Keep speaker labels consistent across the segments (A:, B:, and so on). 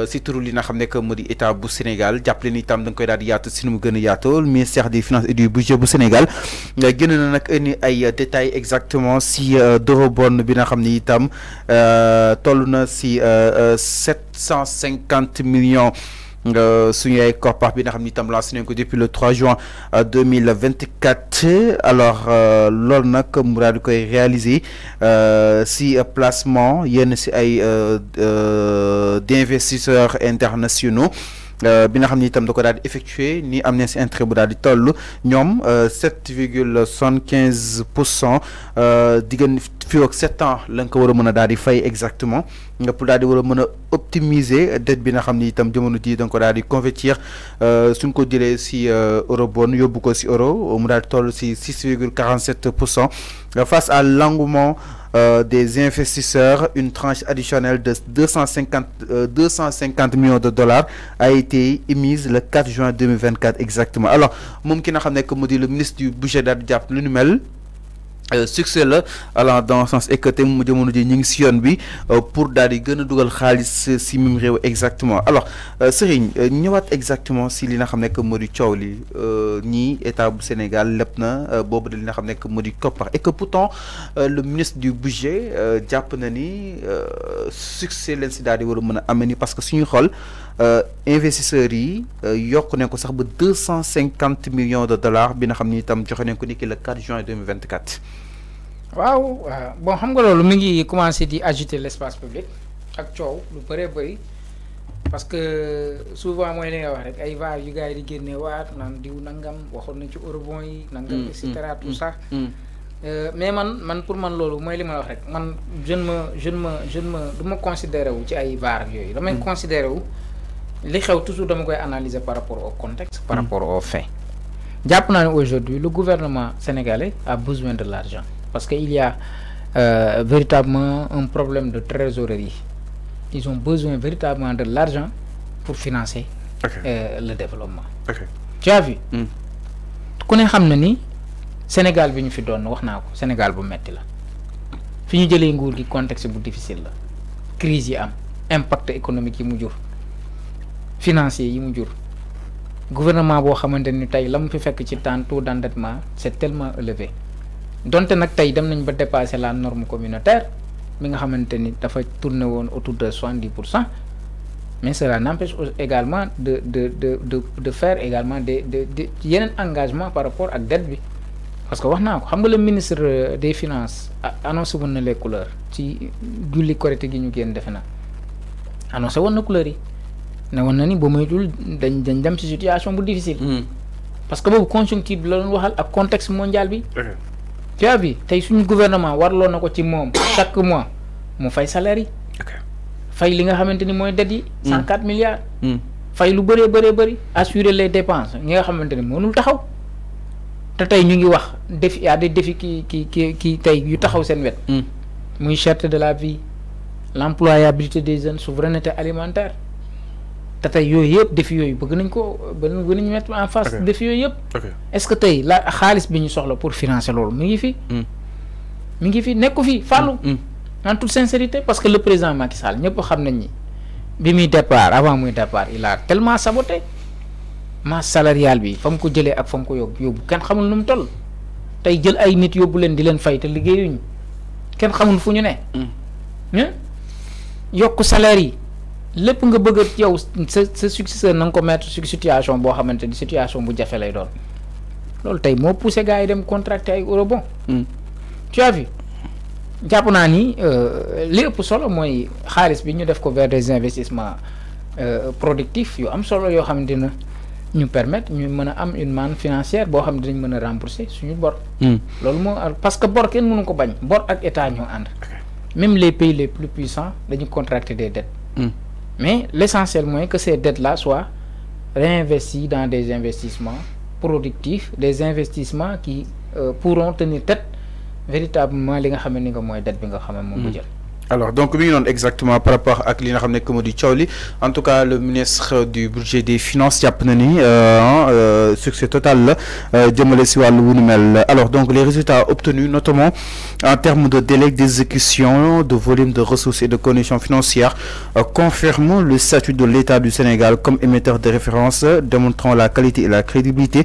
A: Euh, si turu li nga xamné que modi état bu Sénégal jàppale ni tam da koy daal yaatu sinu gëna yaatu gën ministère des finances et du budget bu Sénégal euh, gëna na nak ni ay détails exactement si euh, bonne bi nga xamné tam euh toll na si 750 millions. Euh, suñu ay koppar bi nga xam depuis le 3 juin 2024 euh, alors euh, loolu nag mu daal di koy si placement yenn internationaux. Euh, bi nga xam ni itam da ko daal di effectué ni am na si intérêt bu daal di toll ñoom euh, sept virgule soixante quinze pour euh, ans la nga ko war di fay exactement nga pour daal di war a optimiser dette bi nga xamni ni itam jamono jii da nga ko daal di convertir euh suñ ko jëlee si eurobond yóbbu ko si euro mu daal di toll si 6,47% face à l'engouement euh, des investisseurs, une tranche additionnelle de 250, euh, millions de dollars a été émise le 4 juin 2024 exactement. Alors, quatre ki le ministre du budget d'Abdiap, le euh, succès là alors dans le sens et que mu jamono ji ñu ngi si bi euh, pour daal di gën a dugal si exactement alors euh, Serigne ñëwaat exactement si li nga comme nekk ni di état du Sénégal lépp na de da li comme xam nekk et que pourtant le ministre du budget jàpp na succès leen si daal di parce que suñu xool euh, investisseurs yi euh, yok nañ ko sax ba 250 millions de dollars bi nga xamni Tam, itam nañ ko niki le 4 juin 2024.
B: waaw euh, bon xam nga lolu mi ngi commencer di agiter l'espace public ak ciow lu bëree bëri parce que souvent moy li nga wax rek ay vaar yu gars di génne waat nan diw nangam waxoon na ci eurobond yi. nangam et cetera tout ça. Mm, mm, mm. mais man man pour man loolu moy li ma wax rek man je ne me je ne me je ne me du ma considéré wu ci ay yoy yooyu. me considérer wu. Les choses toujours dama analyser par rapport au contexte par hmm. rapport aux faits aujourd'hui le gouvernement sénégalais a besoin de l'argent parce qu'il y a euh, véritablement un problème de trésorerie ils ont besoin véritablement de l'argent pour financer euh, le développement tu as vu Tu connais que Sénégal Le Sénégal, fi doon Sénégal bu metti la Fini de jëlee nguur contexte bu difficile la crise yi impact économique yi mu financier yi mu jur gouvernement bo xamanteni tay lam fi fekk ci temps taux d'endettement c'est tellement élevé Donc, si tay dem dépasser la norme communautaire mi nga xamanteni dafa autour de 70%. mais cela n'empêche également de de de de de faire également des de engagement par rapport la dette parce que vous le ministre des finances a annoncé les couleurs ci julli Korité gi ñu génn annoncé les couleurs ne woon ni ba moytul dañ dañ dem ci situation bu difficile. Hmm. parce que boobu conjoncture la doon waxal ak contexte mondial bi. tu as vu suñu gouvernement warloo na ko ci mom chaque mois mu fay salaire fay li nga xamanteni moy dette hmm. yi. 104 milliards. Hmm. fay lu beure beure beuri assurer les dépenses nga xamanteni ni mënul taxaw te tay ñu ngi wax il y a des défis qui, qui, qui, tay yu taxaw seen wet. muy cherté de la vie l'employabilité des jeunes souveraineté alimentaire. tata yoy yeb def yoy beug nañ ko bëgg nañ met en face def yoy yeb est-ce que tay la xaalis bi ñu soxla pour financer loolu mi ngi fi mi hmm. ngi fi nekku fi fallu hmm. hmm. en toute sincérité parce que le président Macky Sall ñepp xam nañ ni bi mi départ avant muy départ il a tellement saboté ma salarial bi fam ko jëlé ak fam ko yob yob ken xamul num toll tay jël ay nit yobu len di len fay te liggéeyuñ ken xamul fu ñu
A: ne
B: yokk salaire lepp nga bëgg a yow sa sa successeur na nga ko mettre ci situation boo xamante ni situation bu jafe lay doon loolu tey moo poussé gars yi dem contracter ay eurobond. Hmm. tu as vu jàpp naa ni euh, li ëpp solo mooy xaalis bi ñu def ko vers des investissements euh, productifs yu am solo yoo xamante ne ñu permettre ñu mën a am une manne financière boo xam ne dinañ mën a rembourser suñu bor. Hmm. loolu moo parce que bor kenn mënu ko bañ bor ak état ñoo ànd. même les pays les plus puissants dañu contracter des dettes. Hmm. Mais l'essentiel, c'est que ces dettes-là soient réinvesties dans des investissements productifs, des investissements qui euh, pourront tenir tête véritablement les dettes
A: alors donc nous exactement par rapport à Klinar en tout cas le ministre du budget des finances Yapnani, na euh, hein, euh, succès total la euh, alors donc les résultats obtenus notamment en termes de délai d'exécution de volume de ressources et de conditions financières confirment le statut de l'État du Sénégal comme émetteur de référence démontrant la qualité et la crédibilité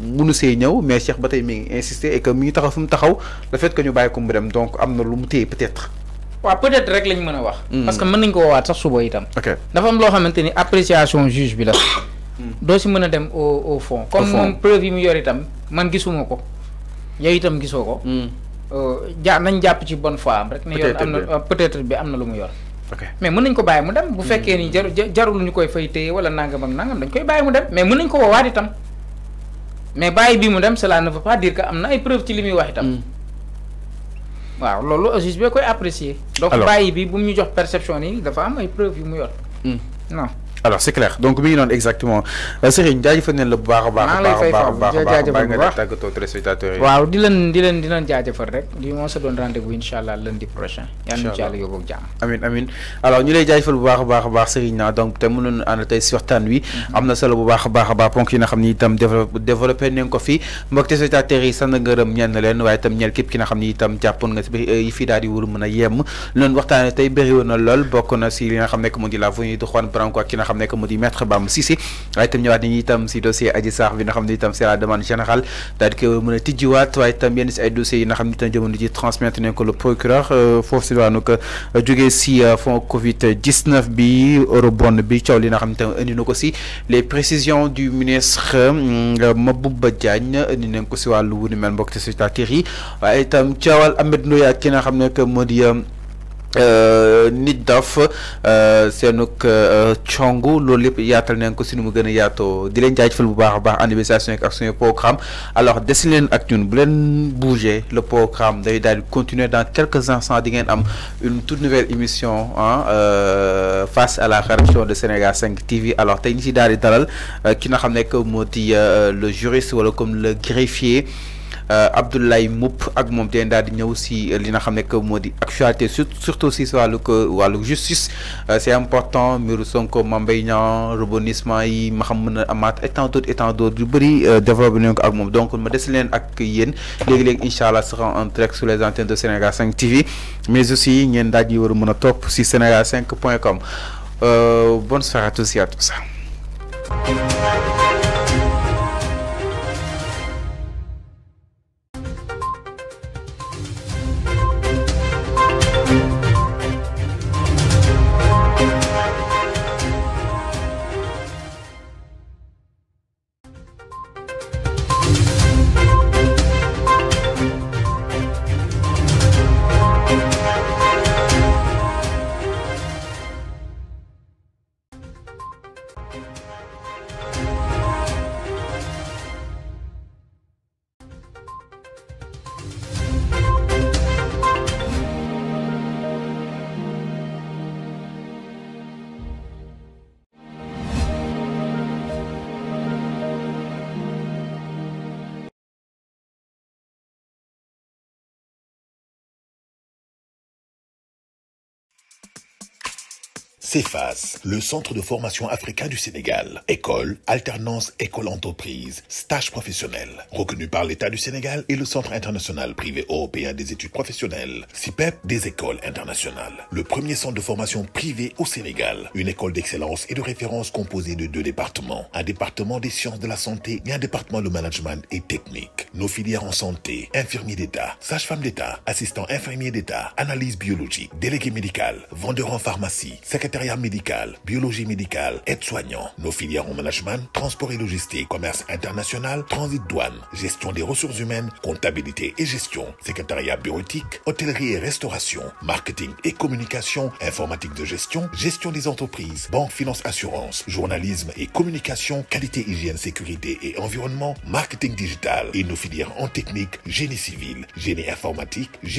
A: mënu sey ñew mais Cheikh batay mi insister et que mi taxaw fi mu taxaw le fait que ñu bàyyi ko mu dem donc amna lu mu tey peut être.
B: wa peut être rek lañ mëna wax. Hmm. parce que mën nañ ko woowaat sax suba itam. ok dafa am lo xamanteni appréciation juge bi la. Hmm. do ci mëna dem au au fond. comme moom preuve yi mu yor itam man gisuma ko yow itam gisoko hmm. euh jaa nañ japp ci bonne foi rek. ne yor amna peut être bi amna lu mu yor. Okay. mais mën nañ ko bàyyi mu dem. bu fekkee ni jarul jarul ñu fay téye wala nangam ak nangam dañ koy bàyyi mu dem mais mën nañ ko woowaat itam. mais bàyyi bi mu dem cela ne fa pas dire que am na ay preuve ci li muy wax itam. Mm. waaw loolu juge bee koy apprécier. donc bàyyi bi bu mu ñu jox perception yi dafa am ay preuve yu mu yor. Mm. non.
A: alors c'est clair donc mi ngi noonu exactement euh, Serigne jaajëfal nañ neul bu baax a baax. maa ngi lay fay faaw jaajëfal bu baax tàggatoo téléspectateurs yi. waaw
B: di len di len di leen jaajëfal rek di mo sa doon rendez vous inshallah lundi prochain. yalla allah yal na ci
A: amin amin alors ñu lay jaajëfal bu baax a baax baax Serigne na ah, donc te mënoon ànd tay ci waxtan wi. Mhm. amna solo bu baax a baax baax ponk yi nga xamni tam développer développé nañ ko fi mbokk téléspectateurs yi sant ngërëm ñenn len waaye tam ñeel képp ki nga xamni tam itam nga ci euh, fi fii daal di wóor mëna a yemm waxtane tay tey bëri woon na lool bokk na ci li nga xam ko moo di la venue de Juan Branco ak xam nekk mu di maître bam Cissé way tam ñëwaat ni itam ci dossier aji Sarr bi nga xam ne itam c'est la demande générale daal di mëna mën a way tam itam yenn si ay dossiers yi nga xam ne itam jamono transmettre nañ ko le procureur euh, foofu ci daanu ko euh, jógee euh, ci fond Covid 19 bi eurobond bi coow li nga xam ne itam indi ci les précisions du ministre Mabouba Diagne indi nañ ko si wàllu wu ni mel mbokk ci spectateurs yi waaye itam coowal Ahmed Ndoye ak ki nga xam que modi euh, nit daf euh, seenug euh, congu loolu lépp yaatal nañ ko si nu mu gën a yaatoo di leen jaajëfal bu baax a baax animation ak suñu programme alors desi leen ak ñun bu leen bouger le programme day dal continuer dans quelques instants di ngeen am une toute nouvelle émission hein, euh, face à la corruption de Sénégal 5 TV alors tay ñu ci dal di dalal ki nga xam nekk le juriste wala comme le greffier. Euh, Abdoulaye Moup ak mom té ndal di ñëw si euh, li actualité surtout justice euh, c'est important Nous Sonko Mame rebondissement yi ma xam amat amaat et tant d'autres donc ma des leen ak yeen légui sera en direct sur les antennes de Sénégal 5 TV mais aussi ñen daal si sénégal bonne soirée à tous et à tous
B: CEFAS, le centre de formation africain du Sénégal. École, alternance, école-entreprise, stage professionnel. Reconnu par l'État du Sénégal et le Centre international privé européen des études professionnelles, CIPEP e des écoles internationales. Le premier centre de formation privé au Sénégal. Une école d'excellence et de référence composée de deux départements. Un département des sciences de la santé et un département de management et technique. Nos filières en santé, infirmiers d'État, sage-femme d'État, assistant infirmiers d'État, analyse biologique, délégué médical, vendeur en pharmacie, secrétaire secrétariat médical, biologie médicale, aide soignant, Nos filières en management, transport et logistique, commerce international, transit douane, gestion des ressources humaines, comptabilité et gestion, secrétariat bureautique, hôtellerie et restauration, marketing et communication, informatique de gestion, gestion des entreprises, banque, finance, assurance, journalisme et communication, qualité, hygiène, sécurité et environnement, marketing digital et nos filières en technique, génie civil, génie informatique, génie